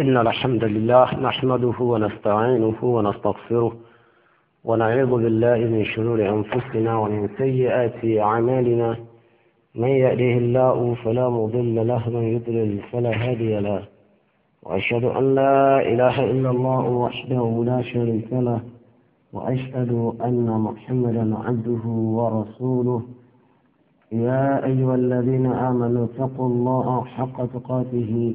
إن الحمد لله نحمده ونستعينه ونستغفره ونعوذ بالله من شرور أنفسنا ومن سيئات أعمالنا من يأله الله فلا مضل له من يضلل فلا هادي له وأشهد أن لا إله إلا الله وحده لا شريك له وأشهد أن محمدا عبده ورسوله يا أيها الذين آمنوا اتقوا الله حق تقاته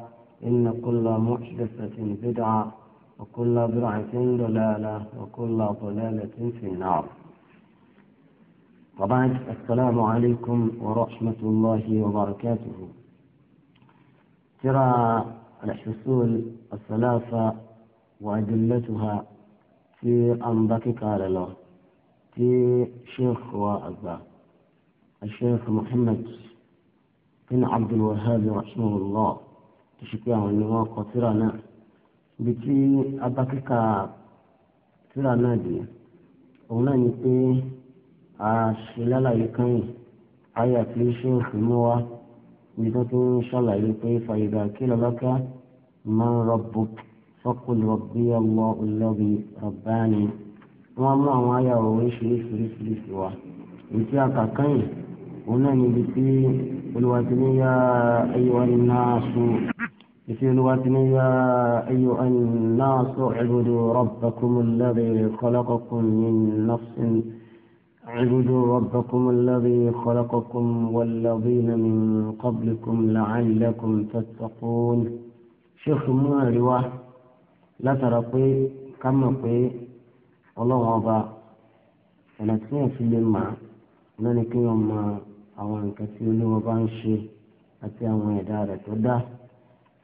إن كل محدثة بدعة وكل بدعة ضلالة وكل ضلالة في النار وبعد السلام عليكم ورحمة الله وبركاته ترى الحصول الثلاثة وأدلتها في أنبكك على الله في شيخ وأبا الشيخ محمد بن عبد الوهاب رحمه الله ìṣìpé àwọn ni wọ́n kọ síra náà ibi tí abákíkà síra náà dé òun náà ni pé àṣelálàyé kányìn àyà tí ṣé òfin mú wá ibi tó ti ń ṣàlàyé pé fàyèdà kí lọ́lọ́kà máa ń rọ́bù fọ́kùn rọ̀bì ọmọ olóbi rọ̀bánì wọ́n mú àwọn àyà oríṣiríṣiríṣiríṣi wá èyí tí a kà kányìn òun náà ni ibi tí olùwàtí ayé wa ní náà sùn. يسير واتني يا أيها الناس اعبدوا ربكم الذي خلقكم من نفس اعبدوا ربكم الذي خلقكم والذين من قبلكم لعلكم تتقون شيخ مواروا لا ترقي كما في الله أبا أنا تسمع في الماء أنا يوم أوان كثير لو بانشي أتي أوان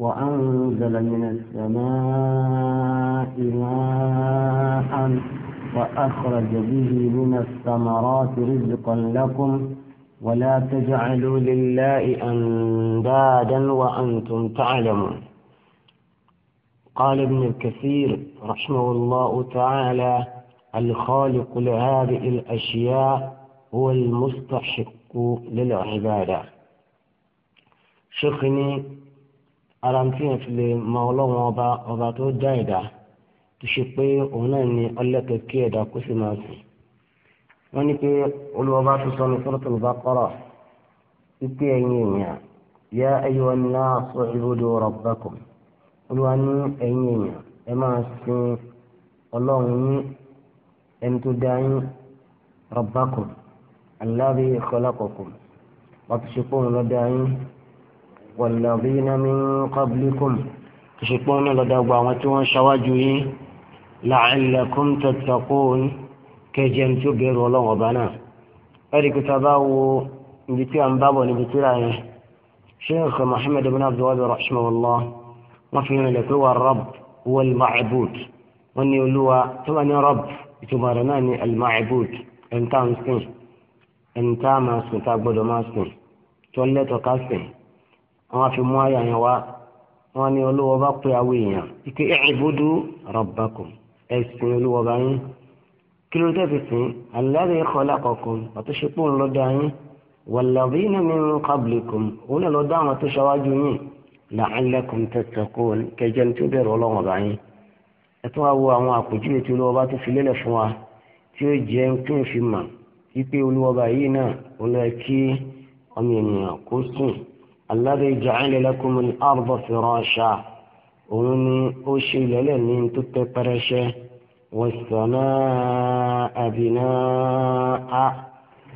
وأنزل من السماء ماء وأخرج به من الثمرات رزقا لكم ولا تجعلوا لله أندادا وأنتم تعلمون قال ابن الكثير رحمه الله تعالى الخالق لهذه الأشياء هو المستحق للعبادة شخني ara tí yẹn fi lè mọ ọlọ́run ọba ọba tó dá ẹ̀dá tó ṣe pé òun náà ni ọlẹ́tọ̀ kí ẹ̀dá kó sì máa sìn wọ́n ní pé olùwọ́ba tó sọ ní Suratul Baqara wípé ẹ̀yin èèyàn yá ayyuhan nasu u'budu rabbakum olúwa ní ẹ̀yin èèyàn ẹ máa sin ọlọ́run yín ẹni tó dá yín rabbakum alladhi khalaqakum wàá tó ṣe pé òun ló yín. والذين من قبلكم تشكون لدعوا وتوان شواجوي لعلكم تتقون كجن تبير ولو وبنا أريك تباو نبتي عن بابا نبتي شيخ محمد بن عبد الله رحمه الله وفي ملك هو الرب هو المعبود وأن يقولوا ثمانية رب تمارناني المعبود انت مسكين انت ما سكين تقبل ما سكين تولد وكاسكين àwọn fi mú àyà yẹn wá wọn ní olówó bá pé àwọn èèyàn ike ẹ̀ẹ́dúdú rabbakum ẹ̀sìn olówó bá yín kí ló dé fìsìn alladhi khalaqakum àti ṣepọ̀ ń lọ dá yín walladhina min qablikum òun lọ dá àwọn tó ṣáwájú yín la'allakum tattaqun kẹjẹ ní tí ó bá yín ẹ tó wá wo àwọn àpèjúwe tí olówó bá tó fi lélẹ̀ fún wa tí ó jẹ́ kí n fi mà wípé olówó bá yìí náà ó ọmọ ènìyàn kó sùn alladhi ja'ala lakum al-arda firasha òun ni ó ṣe ìlẹ́lẹ̀ ní tó tẹ́ pẹrẹsẹ was-samaa'a binaa'a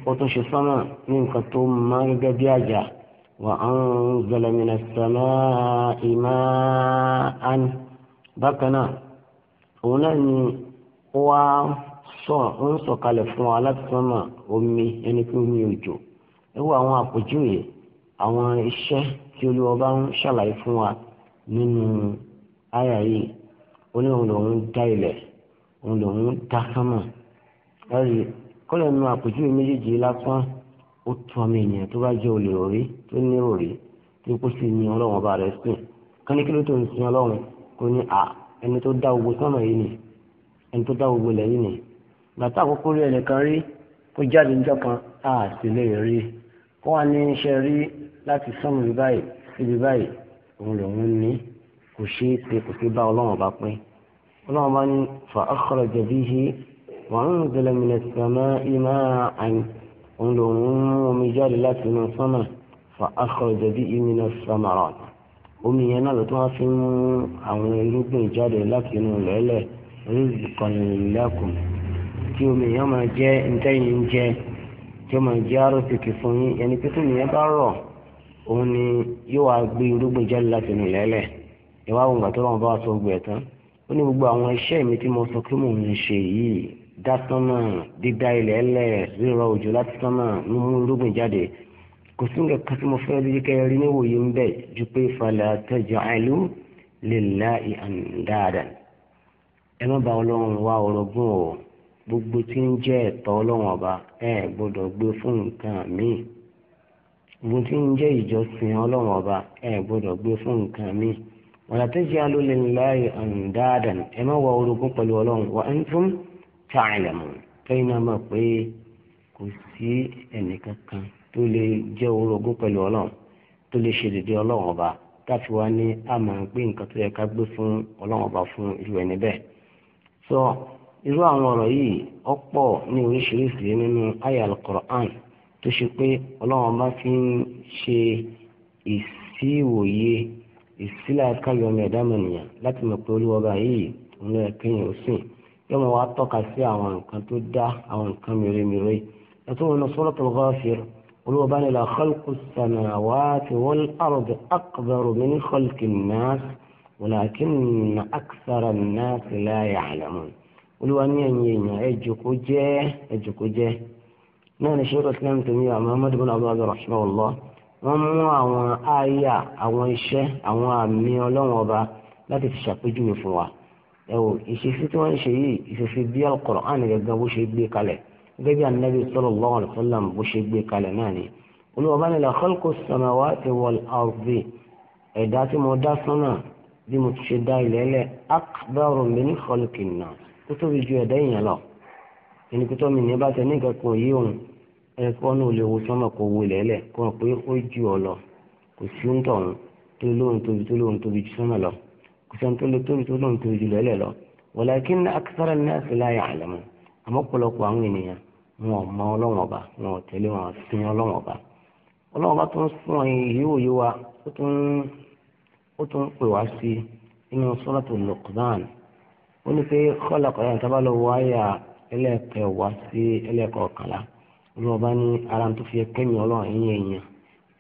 ó tún ṣe sánmà ní nǹkan tó máa ń gẹ́gẹ́ bí àjà wa anzala mina as-samaa'i maa'an bákan náà òun náà ni wá sọ ń sọ̀kalẹ̀ fún wa láti sánmà omi ẹni pé omi òjò ẹ wo àwọn àpèjúwe yìí àwọn iṣẹ́ tí olúwa bá ń ṣàlàyé fún wa nínú àyà yìí ó ní òun lòun dá ilẹ̀ òun lòun dá sánmà ẹ̀rí kọ́lẹ̀ nu àpèjúwe méjèèjì lásán ó tu ọmọ ènìyàn tó bá jẹ́ olè òrí tó ní òrí tí kò sì ní ọlọ́run ọba rẹ̀ sìn kán ní kí ló tó ń sin ọlọ́run kó ní à ẹni tó dá gbogbo sánmà yìí ni ẹni tó dá gbogbo ilẹ̀ yìí ni bàtà àkókò rí ẹnìkan rí kó jáde níjọ́ kan á sì lè rí kó wá ní iṣẹ́ rí láti sọnù ibi báyìí síbi báyìí òun lòun ní kò ṣe é ṣe kò sí bá ọlọ́run bá pín ọlọ́run bá ní fa akhraja bihi wa anzala mina as-sama'i ma'an òun lòun mú omi jáde láti inú sánmà fa akhraja bihi mina as-samarat omi yẹn náà ló tún wá fi mú àwọn irúgbìn jáde láti inú lẹ́lẹ̀ rizqan lakum tí omi yẹn máa jẹ́ ntẹ́yìn jẹ́ tí ó máa jẹ́ àròsìkì fún yín ẹni pé nìyẹn bá rọ̀ òun ni yóò wá gbé irúgbìn jáde láti inú lẹ́lẹ̀ ìwà àwọn ìgbà tó lọ́wọ́ bá sọ gbẹ̀ tán ó ní gbogbo àwọn iṣẹ́ mi tí mo sọ pé mò ń ṣe yìí dásánmà dídá ilẹ̀ ẹlẹ̀ rírọ òjò láti sánmà ń mú irúgbìn jáde kò sí nǹkan kan tí mo fẹ́ rí kẹ́ rí níwòye ń bẹ̀ ju pé fala taj'alu lillahi andada ẹ má ba ọlọ́run wá orogún o gbogbo tí ń jẹ́ ẹ̀tọ́ ọlọ́run ọba ẹ gbọ́dọ̀ gbé fún nǹkan míì gbogbo tí ń jẹ́ ìjọsìn ọlọ́run ọba ẹ gbọ́dọ̀ gbé fún nǹkan mi wàlá tẹ́jì alólèláyè àǹdáàdàn ẹ má wá orogún pẹ̀lú ọlọ́run wa antum ta'lamun kẹ́yìn náà mọ̀ pé kò sí ẹnìkankan tó lè jẹ́ orogún pẹ̀lú ọlọ́run tó lè ṣe ọlọ́run ọba káfí pé nǹkan tó yẹ fún ọlọ́run fún irú ẹni bẹ́ẹ̀ sọ irú àwọn ọ̀rọ̀ yìí ọ̀pọ̀ ní oríṣiríṣi nínú àyà tó ṣe pé ọlọ́run bá fi ń ṣe ìsíwòye ìsílàkàyọ ọmọ ẹ̀dá mọ̀nìyàn láti mọ̀ pé olúwa ọba yìí òun ẹ̀ kéèyàn ó sìn yóò mọ̀ wá tọ́ka sí àwọn nǹkan tó dá àwọn nǹkan mèremère ẹ̀tún wọn Suratul Ghafir olúwa bá nílò khalqu samawati wal ardi akbaru min khalqi nnas walakinna akthara nnasi la ya'lamun olúwa ní ẹ̀yìn èèyàn ẹ̀jọ̀kọ́ jẹ́ ẹ̀jọ̀kọ́ jẹ́ náà ni sheikh islam tèmi muhammad bin abdulhamid rahimahullah wọ́n mú àwọn àyà àwọn iṣẹ́ àwọn àmì ọlọ́run ọba láti fi ṣàpèjúwe fún wa ẹ̀wò ìṣesí tí wọ́n ń ṣe yìí ìṣesí bí al-Qur'an gẹ́gẹ́ bó ṣe gbé kalẹ̀ gẹ́gẹ́ bí anabi sallallahu alayhi wa sallam bó ṣe gbé kalẹ̀ náà ni olùwàbá ni la khalqu samawati wal ti ṣe ẹ̀kọ́ náà lè wo sọ́mọ̀ kó wo lẹ́lẹ̀ kó hàn pé ó ju ọ lọ kò sí ń tọ̀hún tó lóhun tóbi tó lóhun tóbi ju sọ́mọ̀ lọ kò sẹ́ni tó tóbi tó lóhun tóbi ju lẹ́lẹ̀ lọ walakin akthara an-nas la ya'lamun àmọ́ pọ̀lọpọ̀ àwọn ènìyàn wọn ò mọ Ọlọ́hun Ọba wọn ò tẹ̀lé wọn sin Ọlọ́hun Ọba Ọlọ́hun Ọba tó ń fún ọ ìyíwòye wa ó tún pè wá sí inú Suratul Luqman ó ní pé khalaqa ẹ̀yàn tábàlọ́wọ́ àyà ẹlẹ́ẹ̀kẹ́ wá sí ẹlẹ́ẹ̀kọ̀ọ̀kànlá ní ọba ní ara tó fi kẹ́yìn ọlọ́run ẹ̀yìn ẹ̀yìn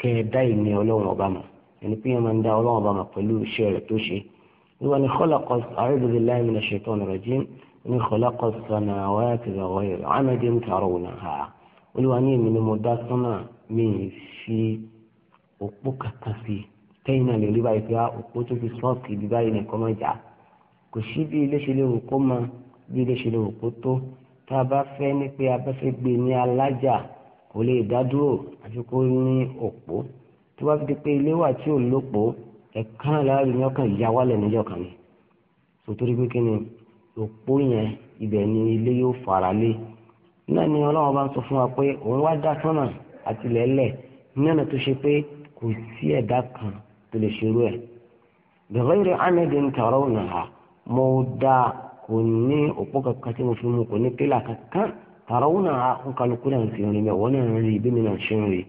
kẹ́ ẹ dá ìní ọlọ́run ọba mọ̀ ẹni pé yẹn máa ń dá ọlọ́run ọba mọ̀ pẹ̀lú iṣẹ́ rẹ̀ tó ṣe níwọ̀n ni kọ́lákọ́ a'udhu billahi minash shaitanir rajim ní kọ́lákọ́ samawati wa ghayra amadin tarawnaha olúwa ní èmi ni mo dá sánmà mi fi òpó kankan sí tẹ́yìn náà lè báyìí pé ah, òpó tó fi sọ́ọ̀kì ibi báyìí nìkan máa jà kò sí bí ilé ṣe lè rò kó máa bí ilé ṣe lè rò kó tó tá a bá fẹ́ ní pé abẹ́fẹ́gbé ní alájà kò lè dádúró àti kó ní òpó tó bá fi di pé ilé wà tí ò lópó ẹ̀kan láàrin ọkàn ìyá wálẹ̀ níjọ́ kan ni sotori pé kí ni òpó yẹn ibẹ̀ ni ilé yóò fara lé náà ni ọlọ́run bá ń sọ fún wa pé òun wá dá sọ́nà àti lẹ́lẹ̀ ní ọ̀nà tó ṣe pé kò sí ẹ̀dá kan tó lè ṣerú ẹ̀ bẹ̀rẹ̀ rẹ̀ ánẹ́dẹ̀ ń tọrọ òun hà mo dáa. kò ní òpó kankan tí mo fi mú kò ní pílà kankan tàràwọn náà ń kálukú náà fi rìn bẹ́ẹ̀ wọ́n náà ń rí ibi mi náà ṣe ń rí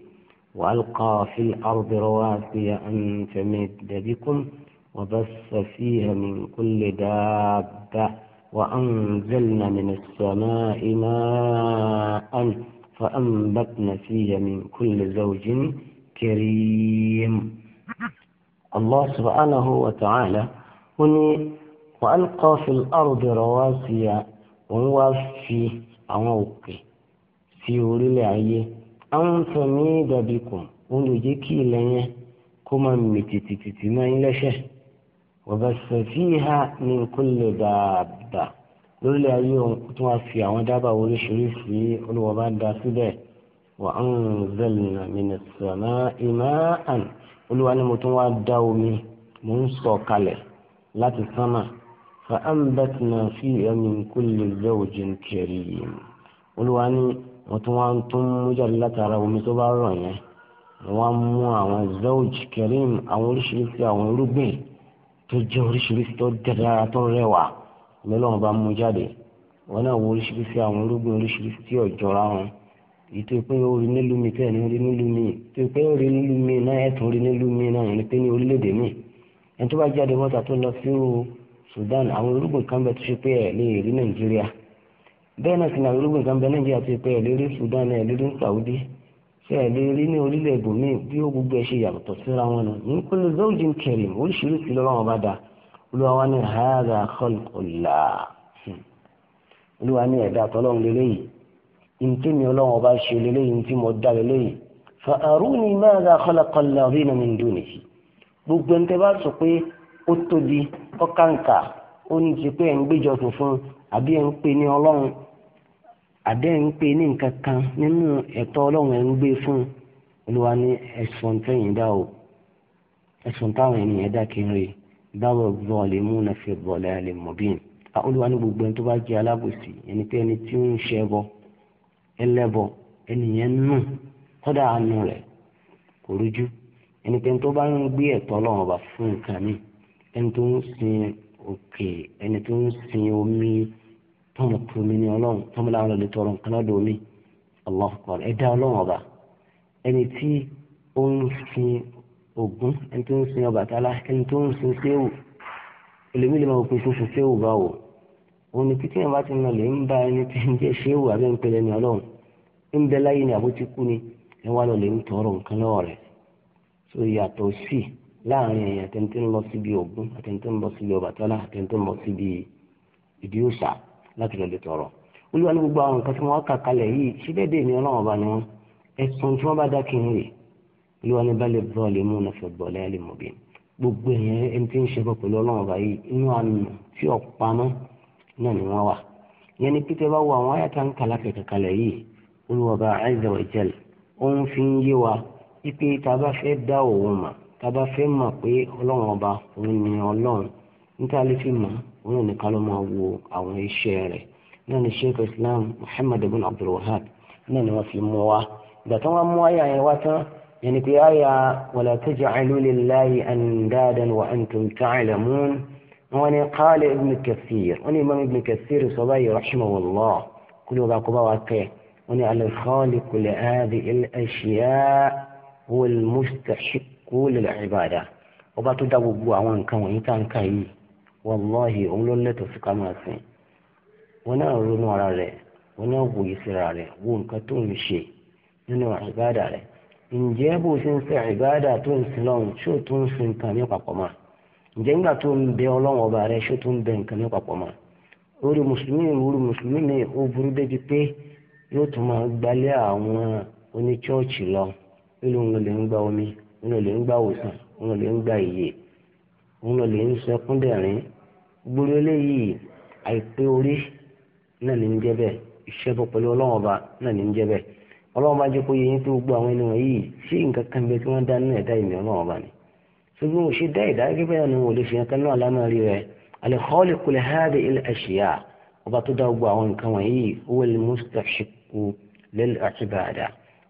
وألقى في الأرض رواسي أن تمد بكم وبث فيها من كل دابة وأنزلنا من السماء ماء فأنبتنا فيها من كل زوج كريم الله سبحانه وتعالى هني wọ́n alqa fil ardi rawasiya wọ́n wá fi àwọn òkè sí orílẹ̀ ayé àwọn tó ní dàbí kù wọ́n lè jẹ́ kí ilẹ̀ yẹn kó máa mì tìtìtìtì máa ń lẹ́sẹ̀ wa bassa fiha min kulli dabba lórílẹ̀ ayé òun tó wá fi àwọn dábàá oríṣiríṣi olùwọ́ bá da síbẹ̀ wa anzalna minas sama'i ma'an olúwa ni mo tún wá dá omi mo ń sọ kalẹ̀ láti sánmà. فأنبتنا فيها من كل زوج كريم olùwàní wọ́n tún wá ń tún mú jáde كريم omi tó bá rọ̀ yẹn wọ́n mú àwọn zewj kerim àwọn oríṣiríṣi àwọn irúgbìn tó jẹ́ oríṣiríṣi tó dára tó rẹwà lọ́lọ́run bá mú jáde wọ́n náà wo oríṣiríṣi àwọn irúgbìn oríṣiríṣi tí ọ̀jọ̀ra wọn èyí tó pé nílùú mi tẹ́ẹ̀ ní rí nílùú mi tó pé ó nílùú mi náà ẹ̀ tún nílùú mi náà yẹn pé ní orílẹ̀ mi ẹni tó bá jáde mọ́ta tó lọ sí Sudan àwọn irúgbìn kan bẹ tó ṣe pé ẹ lè rí Nàìjíríà bẹ́ẹ̀ náà sì ni àwọn irúgbìn kan bẹ Nàìjíríà tó ṣe pé ẹ lè rí Sudan ẹ lè rí Saudi ṣe ẹ lè rí ní orílẹ̀ èbòmí bí ó gbogbo ẹ ṣe yàtọ̀ síra wọn nù ní kullu zawjin karim oríṣiríṣi lọ́wọ́ wọn bá da olúwa ní hàdà khalqullah hmm. olúwa ní ẹ̀dá tọ́lọ́run lélẹ́yìí ntẹ́mi ọlọ́run ọba ṣe lélẹ́yìí ntí mo dá lélẹ́yìí fa aruni madha khalaqa alladhina min dunihi gbogbo ntẹ́ bá sọ pé ó tóbi ọkàǹkà ó ní ti pé ẹ̀ ń gbéjọsìn fún àbí ẹ̀ ń pè ní ọlọ́run àbí ẹ̀ ń pè ní nǹkan kan nínú ẹ̀tọ́ ọlọ́run ẹ̀ ń gbé fún olúwa ní ẹ̀sùn tẹ̀yìn dá o ẹ̀sùn táwọn ènìyàn dá kiri báwo bọ́ọ̀lì mú na fi bọ́ọ̀lì àlè mọ̀bìn olúwa ní gbogbo ẹni tó bá jẹ́ alábòsí ẹni pé ẹni tí ń ṣẹbọ ẹlẹ́bọ ẹnìyẹn nù kọ́dà àánú rẹ̀ kò rújú ẹni pé ẹni tó bá ń gbé ẹ̀tọ́ ọlọ́run ọba fún nǹkan míì ẹni tó ń sin òkè ẹni tó ń sin omi tọ́mọ pomi ní ọlọ́run tọ́mọ láwọn lọ́lẹ́ tọrọ nǹkan lọ́dọ̀ omi Allahu Akbar ẹ̀dá ọlọ́run ọba ẹni tí ó ń sin Ògún ẹni tó ń sin Ọbàtálá ẹni tó ń sin séwù olèmi lè máa pín fún fún séwù báwo òun ni pété yẹn bá ti nà lè ń bá ẹni tí ń jẹ́ séwù abẹ́ ń pẹlẹ ní ọlọ́run ń bẹ láyé ni àbótí kú ni ẹ wá lọ lè ń tọrọ nǹkan lọ́wọ́ rẹ̀ so yàtọ̀ sí i láàrin èèyàn tẹ́ntẹ́ ń lọ síbi Ògún àtẹ́ntẹ́ ń lọ síbi Ọbàtálá àtẹ́ntẹ́ ń lọ síbi ìdí òòṣà láti lọ lè tọrọ olúwa ní gbogbo àwọn nǹkan tí wọ́n kà kalẹ̀ yìí ṣé déédéé ni Ọlọ́run ọba ni wọ́n ẹ̀sùn tí wọ́n bá dá kí n rè olúwa ní bá lè bọ́ lè mú un fẹ́ bọ́ lẹ́yìn mọ̀bí gbogbo èèyàn ẹni tí ń ṣe pẹ̀lú Ọlọ́run ọba yìí inú àmì tí ni wọ́n wà yẹn ni pété bá wo àwọn àyàtà ń kà láfẹ̀ẹ́ kalẹ̀ yìí olúwa bá àìsàn ìjẹ́lẹ̀ ó tába fẹ́ mọ̀ pé ọlọ́run ọba òun ni ọlọ́run níta lè fi mọ̀ òun nìkan ló máa wo àwọn iṣẹ́ rẹ̀ náà ni sheikh islam muhammad ibn abdul wahab náà ni wọ́n fi mú wa ìgbà tí wọ́n mú àyà yẹn wá tán yẹn ni pé àyà wala taj'alu lillahi andadan wa antum ta'lamun wọ́n ní qala ibn kathir wọ́n ní imam ibn kathir sọ báyìí rahimahullah kúlẹ̀ ọba kó bá wa kẹ́ wọ́n ní al-khaliqu li hadhihi al-ashya' huwa al kó lè lè ìbàdà ọba tó dá gbogbo àwọn nǹkan wọ̀nyí tá nǹkan wa wàláhì òun ló sí ká máa sìn wọn náà ronú ara rẹ̀ wọn náà wòye síra rẹ̀ wo nǹkan tó ń ṣe nínú rẹ̀ ǹjẹ́ bó ṣe ń ṣe tó ń sin ṣó tó ń sin nǹkan ní papọ̀ mọ́ ǹjẹ́ nígbà tó ń bẹ ọlọ́run lọ lè òun lè ń gba òsàn òun lè ń gba iye òun lè ń sẹkún dẹ̀rín gbúrú eléyìí àìpé orí náà ní ń jẹ́ bẹ́ẹ̀ iṣẹ́ bọ́ pẹ̀lú ọlọ́run ọba náà ní ń jẹ́ bẹ́ẹ̀ ọlọ́run bá jẹ́ kó yẹ tó àwọn ṣé nǹkan kan bẹ ìmì ọba ni ṣùgbọ́n mo dá ẹ̀dá gẹ́gẹ́ bẹ́ẹ̀ ni mo lè fi hàn kánú àlámọ̀rí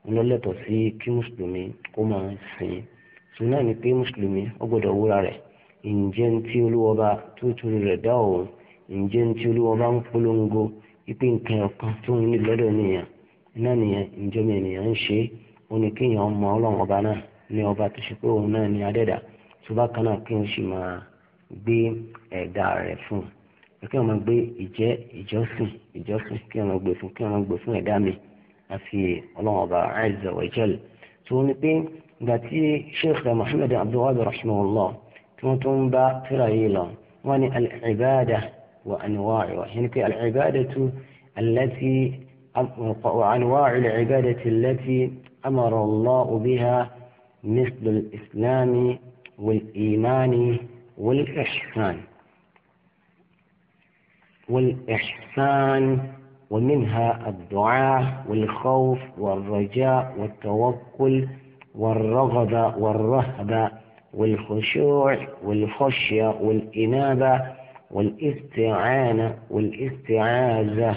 ló si sí kí mùsùlùmí kó máa sìn sùnnà ni pé mùsùlùmí ó gbọ́dọ̀ wúra rẹ̀ ǹjẹ́ ní tí olúwọba tó torí rẹ̀ dá òun tí olúwọba ń polongo ipe nǹkan ọ̀kan tó ń ní lọ́dọ̀ nìyẹn iná nìyẹn ǹjọ́ ènìyàn ń ṣe ó ní kéèyàn mọ ọlọ́run ọba náà ní ọba tó ṣe pé òun náà ní adẹ́dà tó bá kan náà sì fún un máa gbé ìjẹ́ ìjọsìn ìjọsìn máa gbé fún máa mi في رضا عز وجل تونبي داتي شيخ محمد عبد الوهاب رحمه الله تونتون با قرايلا وان العبادة وأنواع يعني في العبادة التي وأنواع العبادة التي أمر الله بها مثل الإسلام والإيمان والإحسان والإحسان ومنها الدعاء والخوف والرجاء والتوكل والرغبة والرهبة والخشوع والخشية والإنابة والاستعانة والاستعاذة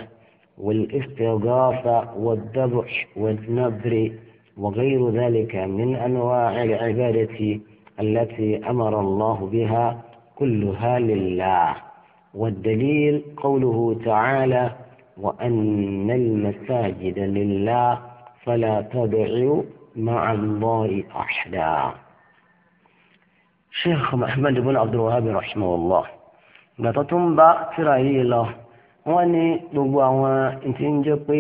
والاستغاثة والذبح والنذر وغير ذلك من أنواع العبادة التي أمر الله بها كلها لله والدليل قوله تعالى وأن المساجد لله فلا تدعوا مع الله أحدا شيخ محمد بن عبد الوهاب رحمه الله gbàtọ́tún bá tíra yìí lọ wọ́n ní gbogbo àwọn tí ń jẹ́ pé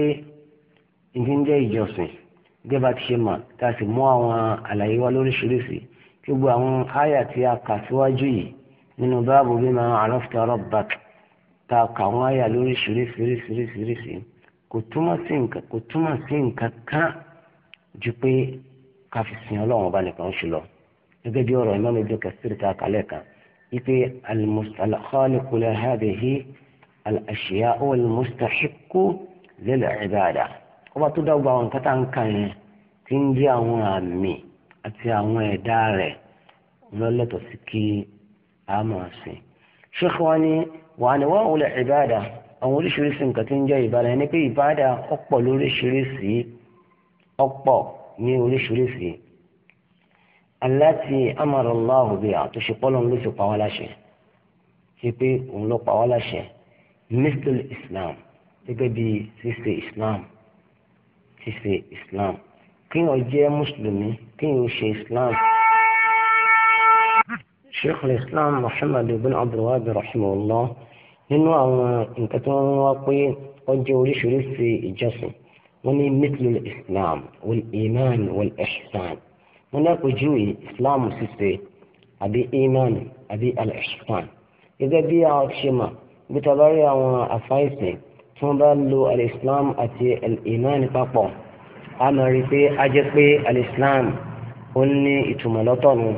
tí ń jẹ́ ìjọsìn gẹ́bà ti ṣe mà tá a sì mú àwọn àlàyé wa lóríṣiríṣi gbogbo àwọn àyà tí a kà síwájú yìí nínú báàbù bima arafta rabbak ta kà wọ́n àyà lóríṣiríṣiríṣiríṣi kò túmọ̀ sí nǹkan kò túmọ̀ sí nǹkan kan ju pé ká fi sin ọlọ́run ọba nìkan ṣe lọ gẹ́gẹ́ bí ọ̀rọ̀ Imam Ibn Kathir ta kálẹ̀ kan ipe al-khaliqu li hadhihi al-ashya' wal-mustahiqqu lil-ibada ọba tó dá àwọn nǹkan tá ń kà yẹn ti ń jẹ́ àwọn àmì àti àwọn ẹ̀dá rẹ̀ lọ́lẹ́tọ̀ọ́ sí kí a máa sìn ṣé kí wọ́n ní wà ní wọ́n wulẹ̀ ìbáàdà àwọn oríṣiríṣi nǹkan tí ń jẹ́ ìbáàdà ẹni pé ìbáàdà ọ̀pọ̀ lóríṣiríṣi ọ̀pọ̀ ní oríṣiríṣi aláti amárànláhùn bíi àtúnṣe pọ́lọ́n ló fi pa wá láṣẹ ṣe pé òun ló pa wá láṣẹ mistul islam gẹ́gẹ́ bíi ṣíṣe islam ṣíṣe islam kéèyàn jẹ́ mùsùlùmí kéèyàn ṣe islam. شيخ الإسلام محمد بن عبد الوهاب رحمه الله nínú àwọn nǹkan tí wọ́n wá pé ọjọ́ oríṣiríṣi ìjọsìn wọ́n ní mithlul islam wal iman wal ihsan wọ́n ní àpèjúwe islam ṣíṣe àbí iman àbí al ihsan gẹ́gẹ́ bí a ṣe mọ̀ bí ta bá rí àwọn àfáìsìn tí wọ́n bá lo al islam àti al iman papọ̀ a máa rí pé a jẹ́ pé al islam ó ní ìtumọ̀ lọ́tọ̀ nu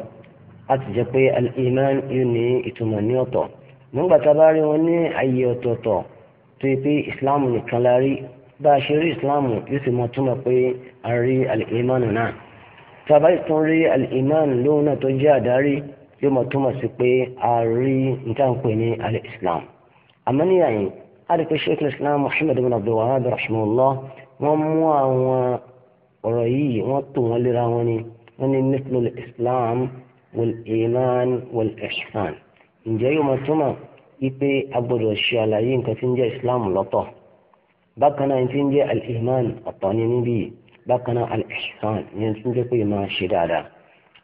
a ti jẹ́ pé al iman yóò ní ìtumọ̀ ní ọ̀tọ̀ nígbà tá a bá rí wọn ní àyè ọ̀tọ̀ọ̀tọ̀ tó yẹ pé islam nìkan la rí bá a ṣe rí islam yóò sì mọ túmọ̀ pé a rí al-iman náà tá a bá tún rí al-iman lóhun náà tó jẹ́ àdárí yóò mọ túmọ̀ sí pé a rí nǹkan ní al àmọ́ ní àyè a sheikh islam muhammad ibn abdul wahhab rahimahullah wọ́n mú àwọn ọ̀rọ̀ yìí wọ́n tò wọ́n léra wọn ni wọ́n ní mithlul islam wal iman wal ihsan ǹjẹ́ yóò máa túmọ̀ wípé a gbọ́dọ̀ ṣe àlàyé nǹkan tí ń jẹ́ islam lọ́tọ̀ bákan náà tí ń jẹ́ al-iman ọ̀tọ̀ ní níbí bákan náà al-ihsan ní tí ń jẹ́ pé máa ṣe dáadáa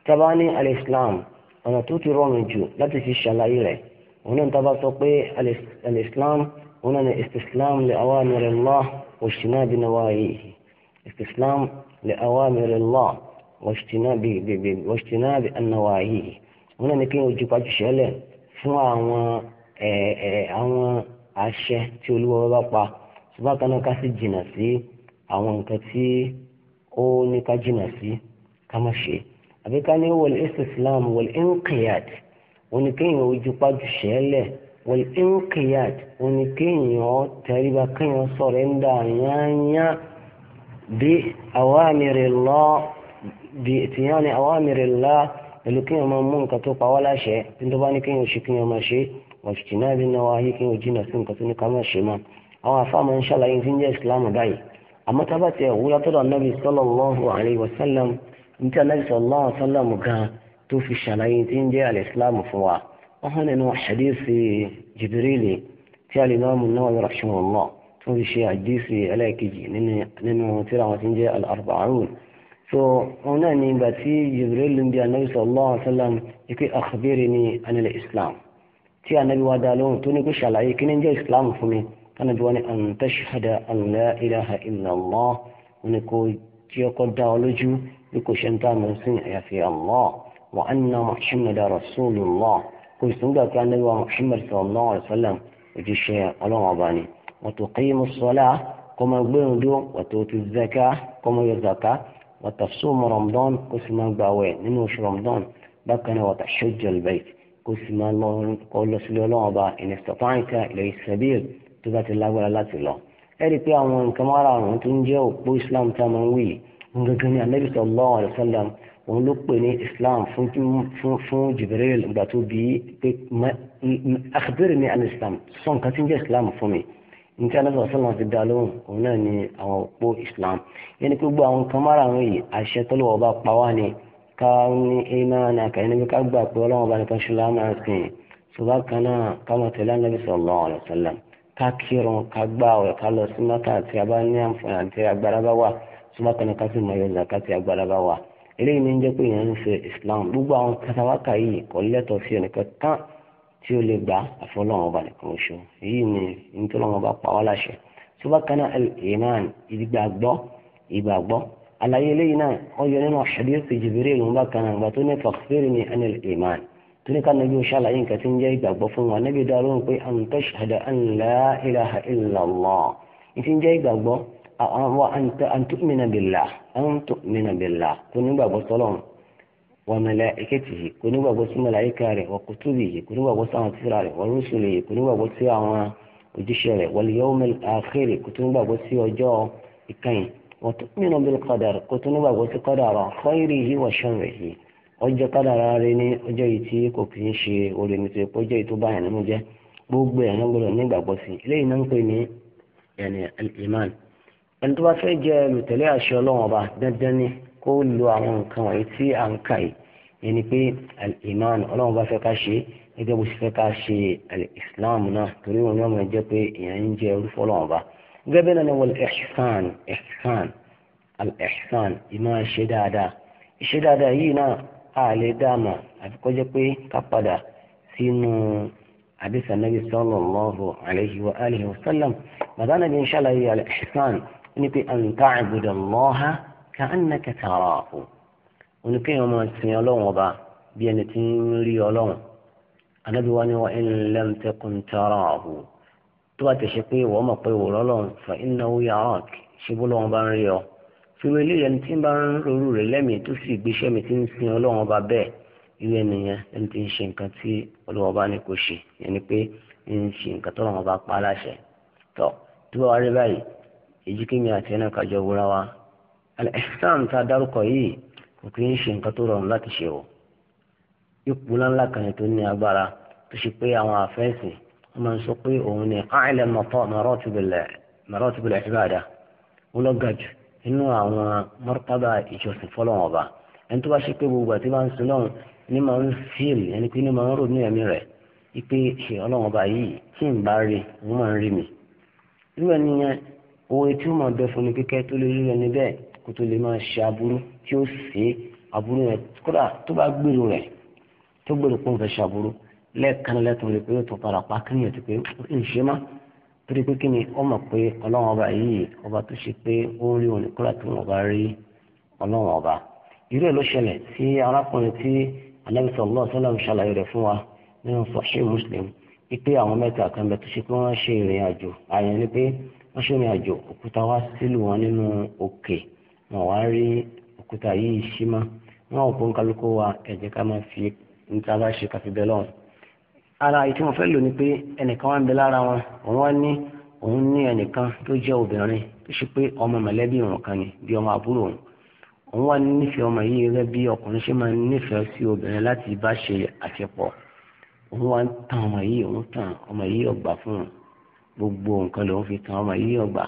tábà ní al-islam ọ̀nà tó ti rọrùn jù láti fi ṣàlàyé rẹ̀ òun náà tábà sọ pé al-islam òun náà ní istislam li awamirillah wa ijtinab nawahihi istislam li awamirillah wa ijtinab an-nawahihi òun náà ní kí n ò jù pàjù ṣẹlẹ̀ fún àwọn àwọn àṣẹ tí olúwa bá pa ṣùgbọ́n kan náà ká sì jìnnà sí àwọn nǹkan tí ó ní ká jìnnà sí ká má ṣe àbí ká ní wọlé islam wọlé inqiyad wọn ni kéèyàn ojú pájú ṣẹlẹ̀ wọlé inqiyad wọn ni kéèyàn tẹríba kéèyàn sọ̀rọ̀ ń yányá bí awamiri Allah bí ìtìyàn ni awamiri Allah pẹ̀lú kí wọ́n máa mú nǹkan tó pa wá láṣẹ tí tó bá ní kí wọ́n ṣe kí wọ́n máa ṣe wọ̀ṣìṣì náà bí náà wáyé kí wọ́n jìnnà sí nǹkan tó ní ká máa ṣe máa àwọn afá máa ń ṣàlàyé tí ń jẹ́ islam báyìí àmọ́ tá bá ti ẹ̀wú látọ̀dọ̀ anábì sallallahu alaihi wasallam ní tí anábì sallallahu alaihi wasallam gan tó fi ṣàlàyé tí ń jẹ́ al-islam fún wa wọ́n hàn nínú hadisi jibirili tí al-imam an-Nawawi hadisi ẹlẹ́ẹ̀kejì nínú tíra wọn tí ń al-arba'un so òun náà ni ìgbà tí Jibril ló ń bi anabi sallallahu alaihi wasallam ike akhbirni anil islam tí anabi wa dá lóhùn tó ní kó ṣàlàyé kí ni jẹ́ islam fún mi anabi wa ni an tashhada an la ilaha illallah wọn ni kò tí ọkọ dá ọ lójú bí kò ṣe ń tá àmì sí àyàfi allah wa anna muhammad rasulullah kò sì ń gbà pé anabi wa muhammad sallallahu alaihi wasallam ojúṣe ọlọ́run ọba ni wa tuqimu as-salah kó máa gbé wa tu'ti zakah kó máa وتصوم رمضان قسم باوي من وش رمضان بكنا وتحج البيت قسم الله قول سلو الله إن استطعت إليه السبيل تبات الله ولا لا تلا ẹ̀rí pé àwọn nǹkan mara àrùn tó ń jẹ́ òpó islam tá a máa ń wí gangan ni anabi sallallahu alayhi wa sallam òun ló pè ní islam fún jibril ìgbà tó bí pé akhbirni an islam sọ nǹkan tí ń jẹ́ islam fún mi nǹkan náà sọ̀rọ̀ sọ̀rọ̀ ti dá lóhùn òun náà ni àwọn òpó islam yẹn ni pé gbogbo àwọn nǹkan márààrún yìí àṣẹ tọ́lọ́wọ́ bá pa wá ni ká ní imáàna kàyẹ́ni bí ká gbà pé ọlọ́wọ́ bá nìkan ṣe láàmà sìn ṣùgbọ́n kan náà ká mọ̀ tẹ̀lé ànábì sallallahu alaihi wasallam ká kírun ká gbà ọ̀rẹ́ ká lọ sí mọ́tà àti abá ní àǹfààní àti agbára bá wà ṣùgbọ́n kan náà ká sì mọ islam gbogbo àwọn kátàwákà yìí kò lẹ́tọ̀ọ́ tí ó lè gbà àfọlọ́wọn balẹ̀ kan oṣù èyí ni nítorọ́wọn bá pa wá láṣẹ tí ó bá kaná al-iman ìgbàgbọ́ ìgbàgbọ́ àlàyé eléyìí náà wọ́n yọ nínú hadith Jibril lòun bá kaná ìgbà tó ní fakhbirni an al-iman tó ní káná bí ó ṣàlàyé nǹkan tí ń jẹ́ ìgbàgbọ́ fún wa níbi dá lóhùn pé an tashhada an la ilaha ń jẹ́ ìgbàgbọ́ àwọn an tu'mina billah an tó nígbàgbọ́ sọ́lọ́run wa malaikatihi kò ní gbàgbọ́ sí màláìka rẹ̀ wa kutubihi kò ní gbàgbọ́ sí àwọn tírà rẹ̀ wa rusulihi kò ní gbàgbọ́ sí àwọn òjíṣẹ́ rẹ̀ wal yawmil akhir kò tún ní gbàgbọ́ sí ọjọ́ ìkẹyìn wa tu'minu bil qadar kò tún ní gbàgbọ́ sí qadara khairihi wa sharrihi ọjọ́ kádàrá rẹ̀ ní ọjọ́ yìí tí kò kì í ṣe orí tó yẹ kó jẹ́ tó bá fẹ́ jẹ́ mùtẹ̀lẹ́ kó lo àwọn nǹkan wọ̀nyí tí à ń kà yìí yẹn ni pé al-iman ọlọ́run bá fẹ́ ká ṣe gẹ́gẹ́ bó ṣe fẹ́ ká ṣe al-islam náà torí òun náà máa jẹ́ pé èèyàn ń jẹ orúfọ́ ọlọ́run bá gẹ́gẹ́ bẹ́ẹ̀ náà ni wọ́n al-ihsan ihsan al-ihsan ìmọ̀ ṣe dáadáa ìṣe dáadáa yìí náà a lè dáàmà àfi kó jẹ́ pé ká padà sínú àdìsá nàbì sallallahu alayhi wa alihi wa sallam bàbá nàbì ń ṣàlàyé al-ihsan ní pé an ta'budallaha كأنك تراه ونكيه ما سيالون وبا بيانتين ليولون أنا بواني وإن لم تكن تراه تبات شقي وما قيول لون فإنه يراك شبولون بانريو fi wele ẹni tí ń bá ń rorú rẹ̀ lẹ́mìí tó sì gbéṣẹ́ mi tí ń sin ọlọ́run ọba bẹ́ẹ̀ irú ẹnìyẹn ẹni tí ń ṣe nǹkan tí ọlọ́run ọba ní kò ṣe yẹn pé ń ṣe nǹkan tó ọlọ́run ọba pa láṣẹ. tọ́ tó bá wá rí báyìí èjì kí mi àti ẹnì kájọ wúra wa al-ihsan tá a dárúkọ yìí kò kí ń ṣe nǹkan tó rọrùn láti ṣe o ipò ńláńlá kan ni tó ní agbára tó ṣe pé àwọn àfẹ́sìn wọ́n máa ń sọ pé òun ni káàlẹ̀ maratibul ibada wọ́n lọ ga jù nínú àwọn martaba ìjọsìn fọlọ́wọ́n ọba ẹni tó bá ṣe pé gbogbo àti bá ń sin ní máa ń fíìl ẹni pé ní máa ń rò ní ẹ̀mí rẹ̀ ipe ṣe ọlọ́wọ́n ọba yìí tí ń bá rí wọ́n máa ń rí mi irú ẹni yẹn owó etí ó máa bẹ fún ni kíkẹ́ tó lè rí ẹni bẹ́ẹ̀ kó tó lè máa ṣe aburú kí ó ṣe aburú yẹn kódà tó bá gbèrò rẹ̀ tó gbèrò pé òun fẹ́ ṣe aburú lẹ́ẹ̀kan lẹ́tọ̀ọ́ lè pé ó tó padà pa kí nìyẹn ti pé ó kì í ṣe má torí pé kí ni ó mọ̀ pé ọlọ́run ọba yìí ọba tó ṣe pé ó ń rí òní kódà tó wọn bá rí ọlọ́run ọba irú ẹ̀ ló ṣẹlẹ̀ sí arákùnrin tí Ànábì sallallahu alaihi wasallam ṣàlàyé rẹ̀ fún wa nínú Sahih Muslim wípé àwọn mẹ́ta kan bẹ tó ṣe pé wọ́n ṣe ìrìn àjò àyàn ni pé wọ́n ṣe ìrìn àjò òkúta wá sílùú wọn nínú òkè wọn wá rí òkúta yìí ṣí mọ́ wọn ò pọ́n kálukú wa ẹ jẹ́ ká máa fi níta bá ṣe kàfi bẹ́ẹ̀ lọ́wọ́ ara èyí tí wọ́n fẹ́ lò ni pé ẹnìkan wá ń bẹ lára wọn òun wá ní òun ní ẹnìkan tó jẹ́ obìnrin tó ṣe pé ọmọ mọ̀lẹ́bí òun kan ni bí ọmọ àbúrò òun òun wá nífẹ̀ẹ́ ọmọ yìí gẹ́gẹ́ bí ọkùnrin ṣe máa nífẹ̀ẹ́ sí obìnrin láti bá ṣe àṣepọ̀ òun wá ń tan ọmọ yìí òun tan ọmọ yìí ọgbà fún un gbogbo nǹkan lòun fi tan ọmọ yìí ọgbà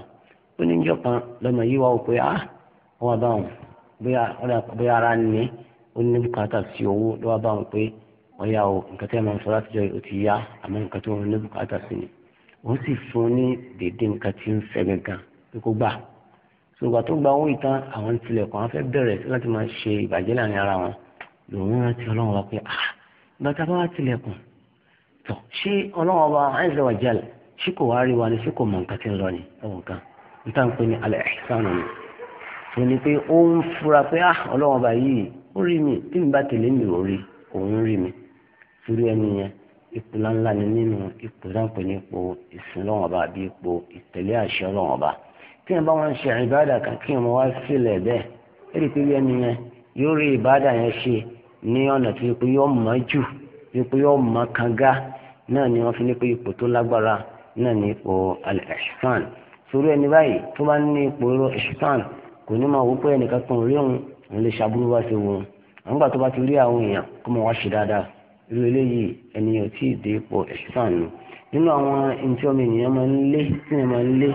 ó ní ìjọ lọmọ yìí wá wò pé ah wọ́n bá wọn bí ara ní ó ní bùkátà sí owó ló wá bá wọn pé ọ̀yà o nǹkan tí a máa ń sọ láti jọ ó ti yá àmọ́ nǹkan tí wọ́n ní bùkátà sí ni wọ́n sì fún ní dèédé nǹkan tí ń fẹ́ gangan pé kó gbà ṣùgbọ́n tó gba owó ìtàn àwọn tilẹ̀kùn àwọn fẹ́ bẹ̀rẹ̀ sí láti máa ṣe ìbàjẹ́ láàrin ara wọn lòun rántí ọlọ́run wa pé ah bàtà bá wà tilẹ̀kùn tọ̀ ṣé ọlọ́run ọba àìsàn wà jẹ́ ṣé kò wá rí wa ni ṣé kò mọ nǹkan tí ń lọ ni ẹ̀wọ̀n kan níta ń pè ní al-ihsan ni òun ni pé ó ń fura pé ah ọlọ́wọ́n bá yìí ó rí mi tí mi bá tẹ̀lé mi ò rí òun rí mi torí ẹni yẹn ipò ńláńlá ni nínú ipò dáńpẹ́ ní ipò ìsìn lọ́wọ́n bá àbí ipò ìtẹ̀lé àṣẹ ọlọ́wọ́n bá kí ẹ bá wọn ṣe ìbáàdà kan kí ẹ mọ wá sílẹ̀ bẹ́ẹ̀ ẹ rí pé ẹni yẹn yóò rí ìbáàdà yẹn ṣe ní ọ̀nà tó yẹ pé yóò mọ̀ jù yẹ pé yóò mọ̀ kanga náà ni wọ́n fi ní pé ipò tó lágbára náà ní ipò al-ihsan sórí ẹni báyìí tó bá ní ipò ìró kò ní máa wò pé ẹnìkan kan rí òun òun lè ṣàbúrú wá sí wọn àwọn gbà tó bá ti rí àwọn èèyàn kó máa wá ṣe dáadáa irú eléyìí ènìyàn tí ì dé ipò ẹ̀sán ni nínú àwọn ntí ọmọ ènìyàn máa ń lé tí wọ́n máa ń lé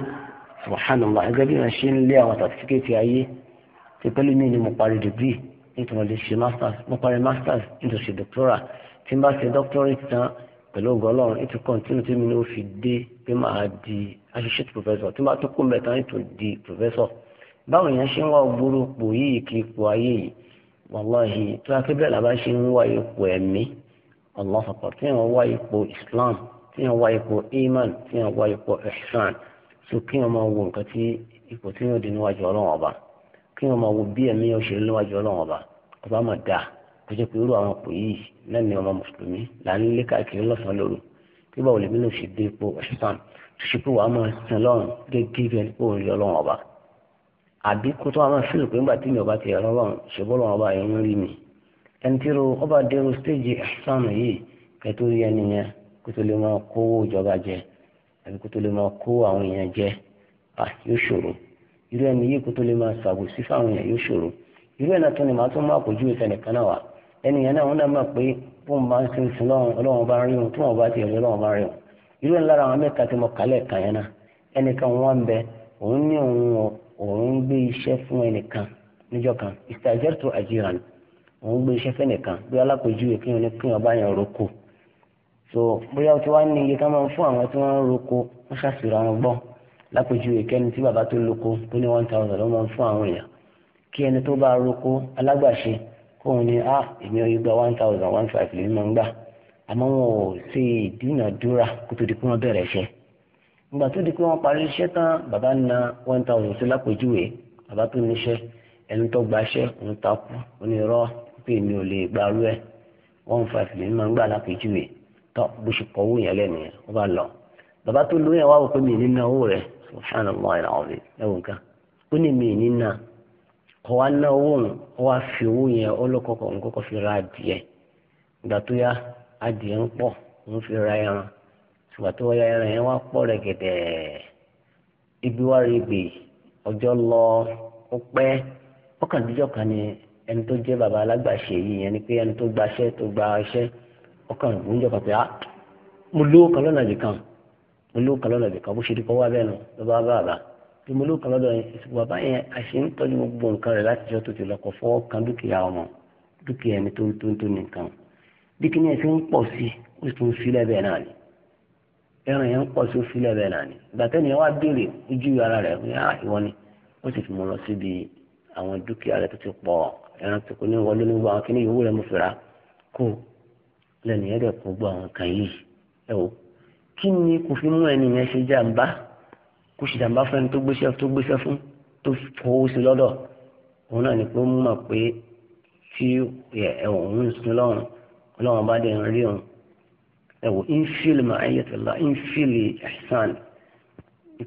subhanallah ẹgbẹ́ bí wọ́n ṣe ń lé àwọn sàtífíkẹ́tì ayé ti pẹ́lú mi ni mo parí degree nítorí mo lè ṣe masters mo parí masters nítorí ṣe doctoral tí n bá ṣe doctorate tán pẹ̀lú ògùn ọlọ́run ètò kọ́ńtínú tí mi ni ó fi dé pé máa di associate professor tí n bá tó kó mẹ́ta ètò di professor báwo yẹn ṣe ń wá ògbóró pò yìí kí ipò ayé yìí wàláhì tó a kébìrẹ̀ làbá ṣe ń wá ipò ẹ̀mí ọlọ́fàpọ̀ tí yẹn wá ipò islam tí yẹn wá ipò iman tí yẹn wá ipò ihsan so kí yẹn máa wo nǹkan tí ipò tí yẹn ò di níwájú ọlọ́run ọba kí yẹn máa wo bí ẹ̀mí yẹn ò ṣe níwájú ọlọ́run ọba ọba máa dáa kó jẹ́ pé irú àwọn ipò yìí náà ọmọ mùsùlùmí là ń lé káàkiri lọ́sàn-án lóru àbí kó tó àwọn fílù pé ńgbà tí mi ò bá ti ẹ̀rọ ọlọ́run ṣùgbọ́n ọlọ́run ọba ẹ̀rọ rí mi ẹni tí ro ọba dẹrù stéèjì ẹ̀sán yìí kẹtó rí ẹni yẹn kó tó lè máa kó ìjọba jẹ àbí kó tó lè máa kó àwọn èèyàn jẹ à yóò ṣòro irú ẹni yìí kó tó lè máa ṣàbòsí fáwọn èèyàn yóò ṣòro irú ẹni tó ni màá tó máa kojú ìtẹnìkan náà wà ẹni yẹn náà wọn náà máa pé bóun ń bá rí wọn tí mo kálẹ̀ kàn yẹn náà ẹnìkan wọn bẹ òun ń gbé iṣẹ́ fún ẹnìkan níjọ́ kan ìtàjẹ́tò àjíhàn òun gbé iṣẹ́ fẹ́nìkan bí alákòjúwe kí wọn kí wọn bá yàn roko so bóyá o ti wá ní iye ká máa fún àwọn tí wọ́n ń roko wọ́n ṣàṣìrò àwọn gbọ́ lákòjúwe kẹ́ni tí bàbá tó loko tó ní one thousand ló máa ń fún àwọn èèyàn kí ẹni tó bá roko alágbàṣe kóun ní a ah, èmi ò yí gba one thousand one five lèmi máa ń gbà àmọ́ wọn ò ṣe ìdúnàdúrà kó tó di pé wọ́n bẹ̀rẹ̀ iṣẹ́ ìgbà tó di pé wọ́n parí iṣẹ́ tán bàbá na one thousand sí lápèjúwe bàbá tó níṣẹ́ ẹni tó gbaṣẹ́ òun takú onírọ́ pé mi ò lè gbarú ẹ̀ one five lè máa ń gbà lápèjúwe tó bó ṣe kọ owó yẹn lẹ́nu yẹn ó bá lọ bàbá tó lóyún ẹ̀ wá wò pé mi ní na owó rẹ̀ subhanallah ẹ̀ làwọn rẹ̀ ẹ̀wọ̀n kan ó ní mi ní na kọ́ wa ná owó òun ó wá fi owó yẹn ọlọ́kọ̀ọ̀kọ̀ òun kọ́kọ́ fi ra adìẹ ìgbà tó yá adìẹ ń pọ̀ òun fi ra ẹran ṣùgbọ́n tó ya ẹran yẹn wá pọ̀ rẹ̀gẹ̀dẹ̀ ibi wá rí ọjọ́ lọ ó pẹ́ ọkàndíjọ́ kan ni ẹni tó jẹ́ bàbá alágbàṣe yìí yẹn ni pé ẹni tó tó gba iṣẹ́ kan pé á ah, mo lówó kan lọ́nà kan mo lówó kan lọ́nà kan bó ṣe dikọ́ wá bẹ́ẹ̀ nù bàbá bí mo lówó kan lọ́dọ̀ yẹn bàbá yẹn àṣẹ ń tọ́jú gbogbo nǹkan rẹ̀ láti tó ti lọ́kọ̀ fọwọ́ kan dúkìá ọmọ dúkìá ẹni tó ń tó ń tó nìkan bí ẹ̀ fi ń pọ̀ sí ó sì tún ẹran yẹn ń pọ̀ sí òfin lẹ́bẹ̀ẹ́ náà ni ìgbà tẹ́ni ẹ wá béèrè ojú ara rẹ̀ ní àìwọ́ ah, ni ó sì fi mọ́ lọ síbi àwọn dúkìá rẹ̀ tó ti pọ̀ ẹran tó kò ní wọlé ní gbogbo àwọn kìnìún yòówù rẹ̀ mo fìrà kó lẹ́nu yẹn dẹ̀ kó gbọ́ àwọn kan yìí ẹ wò kí ni kò fi mú ẹni yẹn ṣe jàǹbá kò ṣe jàǹbá fún ẹni tó gbéṣẹ́ tó gbéṣẹ́ fún tó fowó sí lọ́dọ̀ òun náà ni pé ó mọ̀ pé tí òun ń sun lọ́run ọlọ́run bá dẹ̀ ń rí òun ẹ̀wọ̀ ń fíìlì ma'ayyatullah ń fíìlì ihsan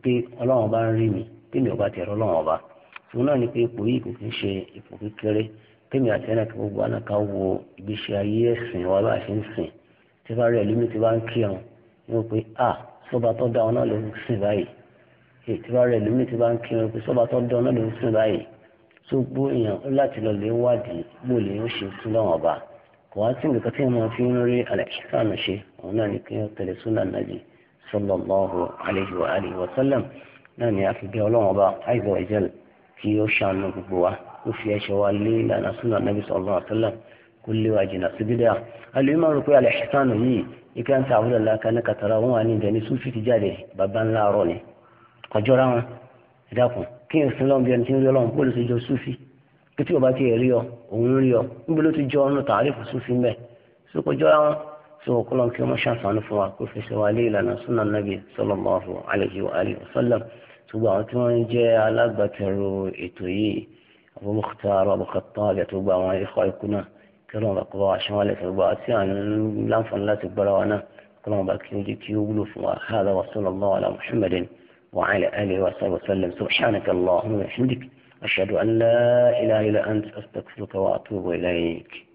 pé ọlọ́run bá ń rí mi tèmi ọba tẹ̀rọ ọlọ́run ọba fún náà ni pé ipò yìí kò kí ń ṣe ipò kékeré tèmi àti ẹnà kí gbogbo àná ká wo ìgbésí ayé ẹ̀sìn wa bá ṣe ń sìn tí bá rí ẹlòmíì tí bá ń kírun ni wọ́n pe a sọba tó dá ọ̀nà ló ń sìn báyìí tí bá rí ẹlòmíì tí bá ń kírun pé sọba tó dá ọ̀nà ló ń sìn báyìí tó gbó èèyàn láti lọ lè wádìí bó ṣe sí lọ́wọ́n ọba kò wá sí nǹkan tí wọ́n fi ń rí àlẹ́ òun náà ní kí wọ́n tẹ̀lé súnà nàbì sallallahu alayhi wa alihi wa sallam náà ní àfihàn ọlọ́run ọba àìsàn ìjẹ́l kí ó ṣàánú gbogbo wa ó fi ẹ̀ṣẹ̀ wa lé ìlànà súnà nàbì sallallahu alayhi wa sallam kó lé wa jìnnà sí bídà alùpùpù máa rò pé alẹ́ ṣẹ́tàn yìí ike ń ta àbúrò làákà ní kàtàrà wọn wà ní ìbẹ̀ ní sùfì ti jáde bàbá ńlá ọ̀rọ̀ ni kọjọ́ra wọn ìdákun kí n sin bí ẹni tí ń rí ọlọ́run bóòlù ti jọ sùfì kí tí o bá ti rí ọ òun rí ọ níbo ló ti jọ ọ́nù tààrífù sùfì mẹ́ sókòjọ́ra wọn سو كلهم كيما شافوا عن فواك كل في سوالي لنا سنة النبي صلى الله عليه وآله وسلم سبعة كيما يجي على بكر إتوي أبو مختار أبو خطاب يتوبع مع إخوة يكون كلهم بقوا شمالة سبعة سيان لنفن لا تكبر وانا كلهم بكين جي كيوبلو فواك وصلى الله على محمد وعلى آله وصحبه وسلم سبحانك اللهم وبحمدك أشهد أن لا إله إلا أنت أستغفرك وأتوب إليك